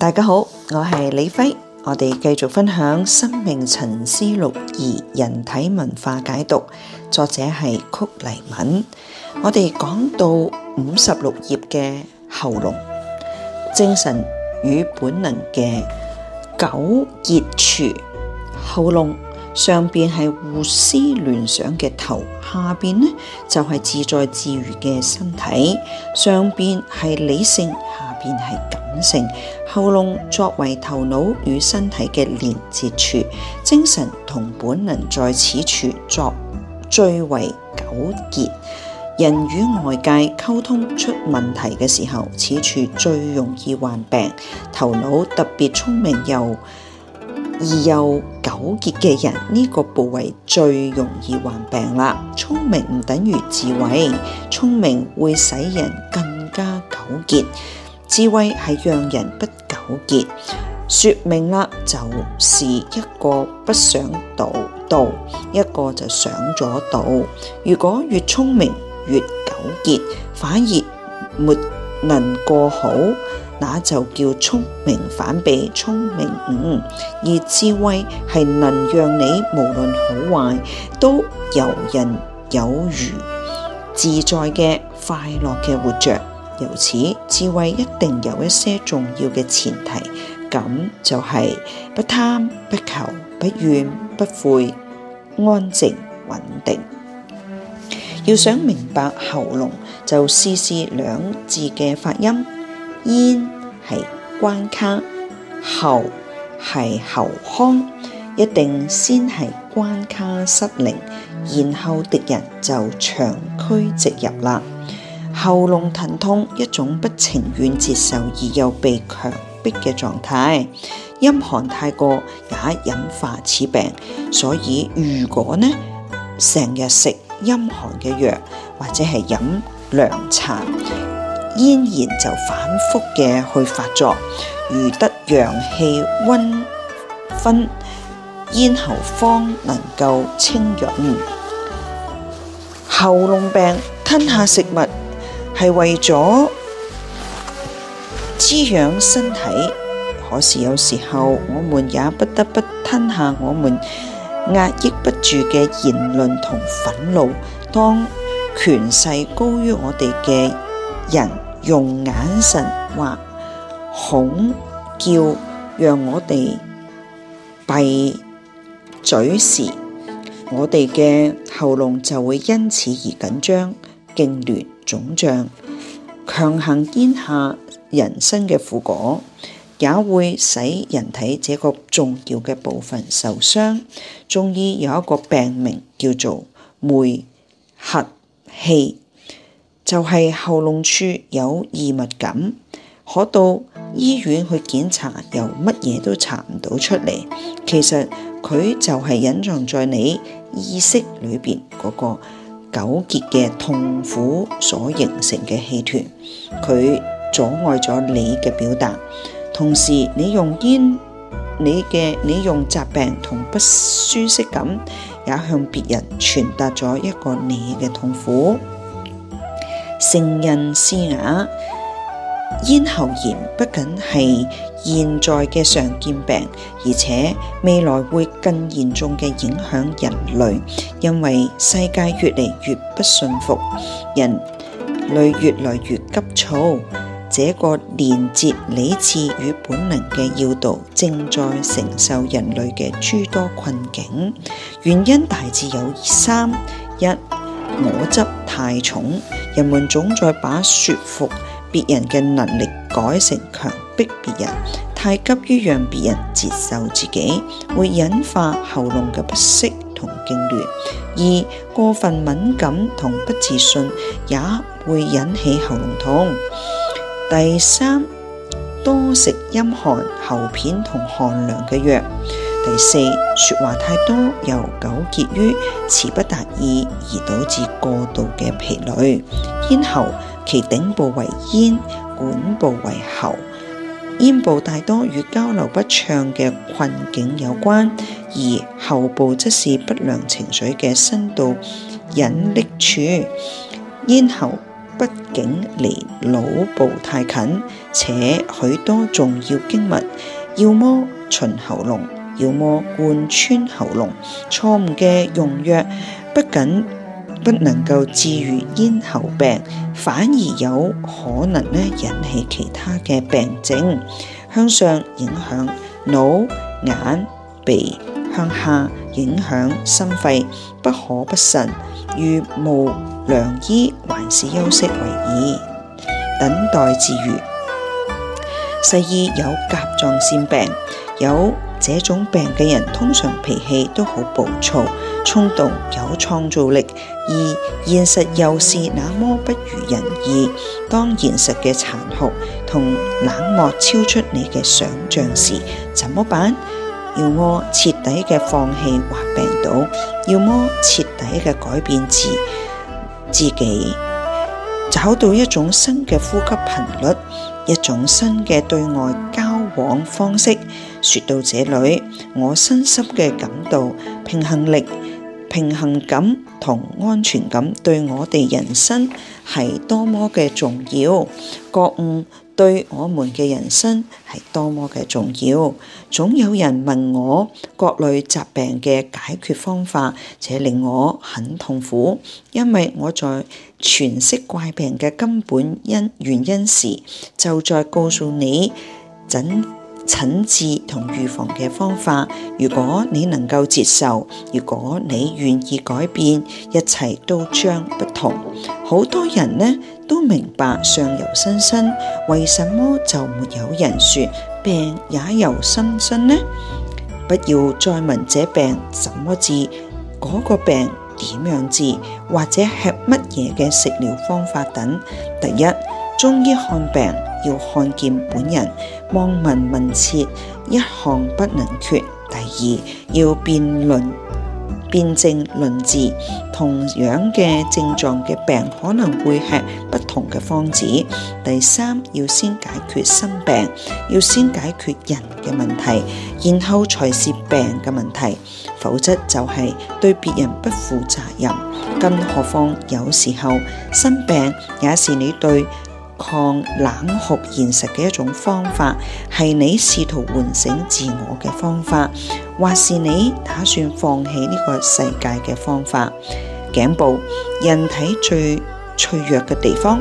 大家好，我係李輝，我哋繼續分享《生命沉思錄二：人體文化解讀》，作者係曲黎敏。我哋講到五十六頁嘅喉嚨，精神與本能嘅糾結處，喉嚨。上邊係胡思亂想嘅頭，下邊呢就係、是、自在自如嘅身體。上邊係理性，下邊係感性。喉嚨作為頭腦與身體嘅連接處，精神同本能在此處作最為糾結。人與外界溝通出問題嘅時候，此處最容易患病。頭腦特別聰明又。而又糾結嘅人，呢、這個部位最容易患病啦。聰明唔等於智慧，聰明會使人更加糾結，智慧係讓人不糾結。說明啦，就是一個不想到到，一個就想咗到。如果越聰明越糾結，反而沒。能過好，那就叫聰明反被聰明誤；而智慧係能讓你無論好壞，都游刃有餘自在嘅、快樂嘅活着。由此，智慧一定有一些重要嘅前提，咁就係不貪、不求、不怨、不悔，安靜穩定。要想明白喉嚨，就試試兩字嘅發音。咽係關卡，喉係喉腔，一定先係關卡失靈，然後敵人就長驅直入啦。喉嚨疼痛，痛，一種不情願接受而又被強迫嘅狀態。陰寒太過也引發此病，所以如果呢成日食。陰寒嘅藥，或者係飲涼茶，咽炎就反復嘅去發作。如得陽氣溫分，咽喉方能夠清潤。喉嚨病吞下食物，係為咗滋養身體。可是有時候，我們也不得不吞下我們，壓抑不住嘅言論同憤怒，當權勢高於我哋嘅人用眼神或吼叫讓我哋閉嘴時，我哋嘅喉嚨就會因此而緊張、痙攣、腫脹，強行咽下人生嘅苦果。也會使人體這個重要嘅部分受傷。中醫有一個病名叫做梅核氣，就係喉嚨處有異物感，可到醫院去檢查又乜嘢都查唔到出嚟。其實佢就係隱藏在你意識裏邊嗰個糾結嘅痛苦所形成嘅氣團，佢阻礙咗你嘅表達。同時，你用煙，你嘅你用疾病同不舒適感，也向別人傳達咗一個你嘅痛苦。成人嘶啞、咽喉炎，不僅係現在嘅常見病，而且未來會更嚴重嘅影響人類，因為世界越嚟越不信服，人類越來越急躁。這個連接理智與本能嘅要道正在承受人類嘅諸多困境，原因大致有三：一、我執太重，人們總在把說服別人嘅能力改成強迫別人，太急於讓別人接受自己，會引發喉嚨嘅不適同痙攣；二、過分敏感同不自信也會引起喉嚨痛。第三，多食陰寒、喉片同寒涼嘅藥。第四，說話太多又糾結於詞不達意，而導致過度嘅疲累。咽喉其頂部為咽，管部為喉，咽部大多與交流不暢嘅困境有關，而喉部則是不良情緒嘅深度引力處。咽喉。不僅離腦部太近，且許多重要經脈，要麼循喉嚨，要麼貫穿喉嚨。錯誤嘅用藥，不僅不能夠治愈咽喉病，反而有可能咧引起其他嘅病症，向上影響腦、眼、鼻，向下影響心肺，不可不慎，如無良醫還是休息為宜，等待自愈。十二，有甲狀腺病，有這種病嘅人通常脾氣都好暴躁、衝動，有創造力。而現實又是那麼不如人意，當現實嘅殘酷同冷漠超出你嘅想象時，怎麼辦？要麼徹底嘅放棄或病倒，要麼徹底嘅改變自。.自己找到一種新嘅呼吸頻率，一種新嘅對外交往方式。說到這裏，我深深嘅感到平衡力。平衡感同安全感對我哋人生係多麼嘅重要，覺悟對我們嘅人生係多麼嘅重要。總有人問我各類疾病嘅解決方法，且令我很痛苦，因為我在詮釋怪病嘅根本因原因時，就在告訴你，謹。診治同預防嘅方法，如果你能夠接受，如果你願意改變，一切都將不同。好多人呢都明白上由心生，為什麼就沒有人說病也由心生呢？不要再問這病怎麼治，嗰、那個病點樣治，或者吃乜嘢嘅食療方法等。第一，中醫看病。要看見本人，望聞問切，一項不能缺。第二，要辯論辯證論治，同樣嘅症狀嘅病，可能會吃不同嘅方子。第三，要先解決生病，要先解決人嘅問題，然後才是病嘅問題。否則就係對別人不負責任，更何況有時候生病也是你對。抗冷酷現實嘅一種方法，係你試圖喚醒自我嘅方法，或是你打算放棄呢個世界嘅方法。頸部，人體最脆弱嘅地方，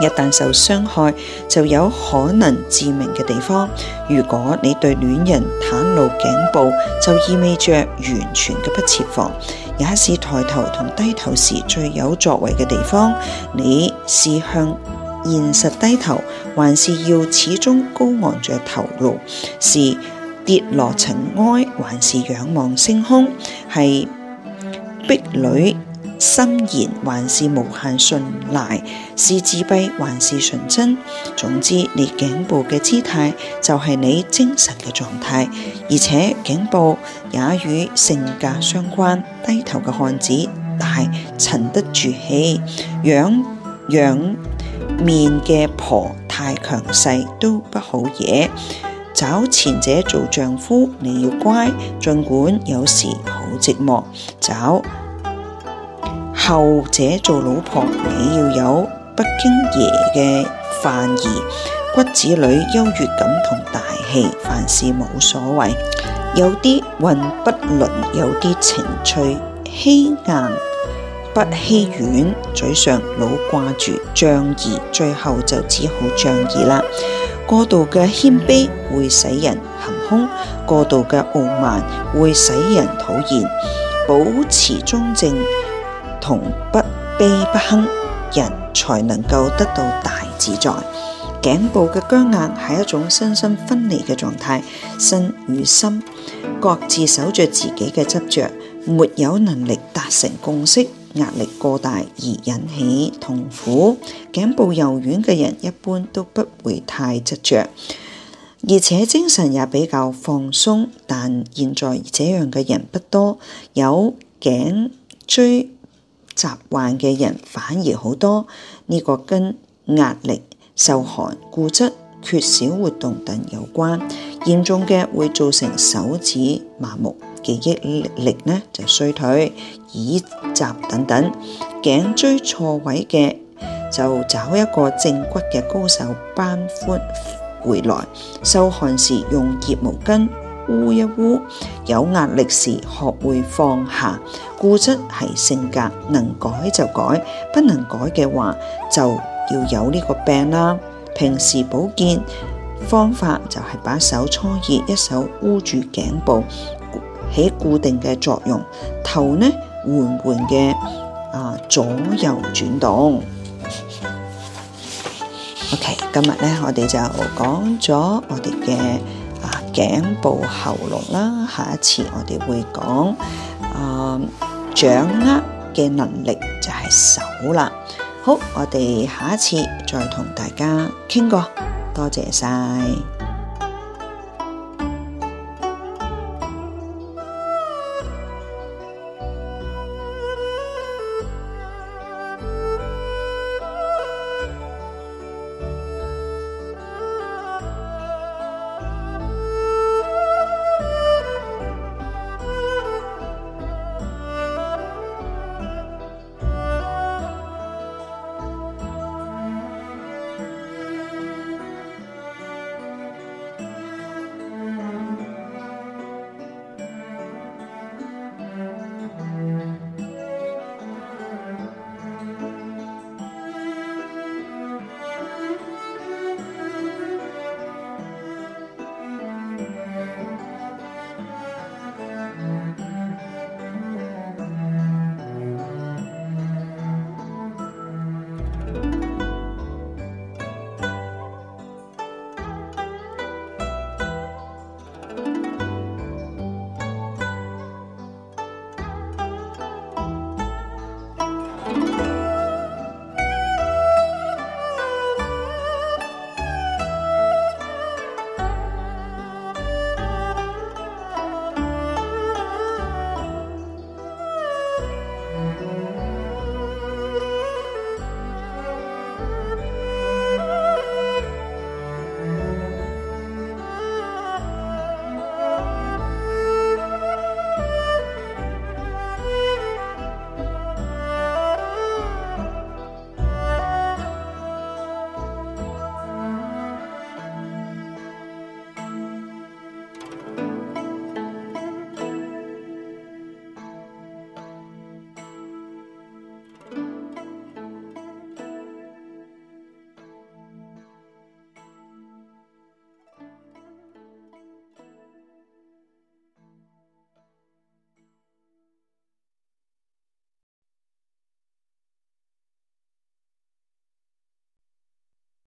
一旦受傷害就有可能致命嘅地方。如果你對戀人袒露頸部，就意味著完全嘅不設防，也是抬頭同低頭時最有作為嘅地方。你試向。現實低頭，還是要始終高昂着頭顱；是跌落塵埃，還是仰望星空？係壁壘森嚴，還是無限信賴？是自閉，還是純真？總之，你頸部嘅姿態就係你精神嘅狀態，而且頸部也與性格相關。低頭嘅漢子，但係沉得住氣，仰仰。面嘅婆太強勢都不好惹。找前者做丈夫，你要乖，儘管有時好寂寞；找後者做老婆，你要有北京爺嘅範兒，骨子裏優越感同大氣，凡事冇所謂。有啲混不輪，有啲情趣稀硬。不欺軟，嘴上老掛住仗義，最後就只好仗義啦。過度嘅謙卑會使人行空，過度嘅傲慢會使人討厭。保持中正同不卑不亢，人才能夠得到大自在。頸部嘅僵硬係一種身心分離嘅狀態，身與心各自守着自己嘅執着，沒有能力達成共識。壓力過大而引起痛苦，頸部柔軟嘅人一般都不會太執着，而且精神也比較放鬆。但現在這樣嘅人不多，有頸椎疾患嘅人反而好多。呢、這個跟壓力、受寒、固質缺少活動等有關，嚴重嘅會造成手指麻木。記憶力呢就衰退、耳疾等等，頸椎錯位嘅就找一個正骨嘅高手扳翻回來。收汗時用熱毛巾污一污，有壓力時學會放下。固執係性格，能改就改，不能改嘅話就要有呢個病啦。平時保健方法就係把手搓熱，一手捂住頸部。起固定嘅作用，頭呢緩緩嘅啊左右轉動。OK，今日咧我哋就講咗我哋嘅啊頸部喉嚨啦，下一次我哋會講啊掌握嘅能力就係手啦。好，我哋下一次再同大家傾過，多謝晒。